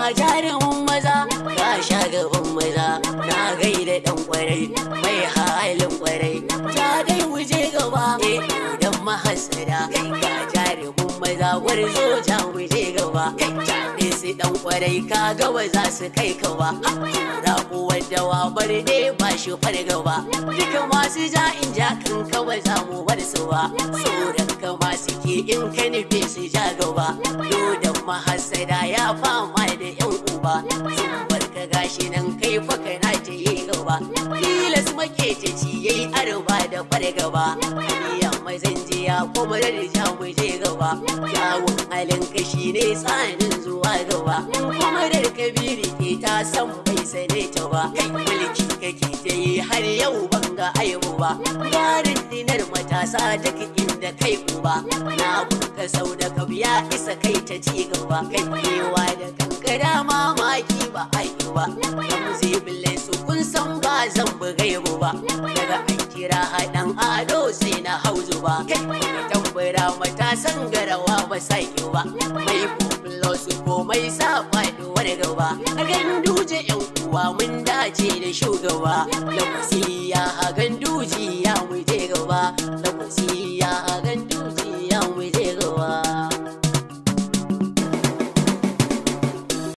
ga jarumin maza ga shagaban maza na gaida dan kwarai mai halin kwarai ta dai wuje gaba idan eh, mahasada ga jarumin maza warzo ta wuje gaba jaɗe su dan kwarai ka gaba za su kai ka ba raƙuwar dawa bar ne ba shi fargaba duka masu ja in ja kan kawai za mu bar su ba tsoron masu ke in ka nufe su ja gaba do hasada ya fama da yan uba sun barka gashi nan kai fa na ta yi gaba tilas make ta ci yayi arba da fargaba aniya mai zanji ya kuma da jawo zai gaba yawon halin kashi ne tsanin zuwa gaba kuma da kabiri ke ta san bai sane ta ba kai mulki kake ta yi har yau banga ga aibu ba yarin dinar matasa duk inda kai uba na buka sau da kab ya isa kai ta ci gaba kai kewa da kankara mamaki ba aiki ba kamar zai su kun san ba zan bugai ba kira haɗan ado sai na hau zuba tambara matasan garawa ba sa ba mai filosu ko mai sa faɗuwar gaba a ganduje yan uwa mun dace da shugaba lafi ya hagan duji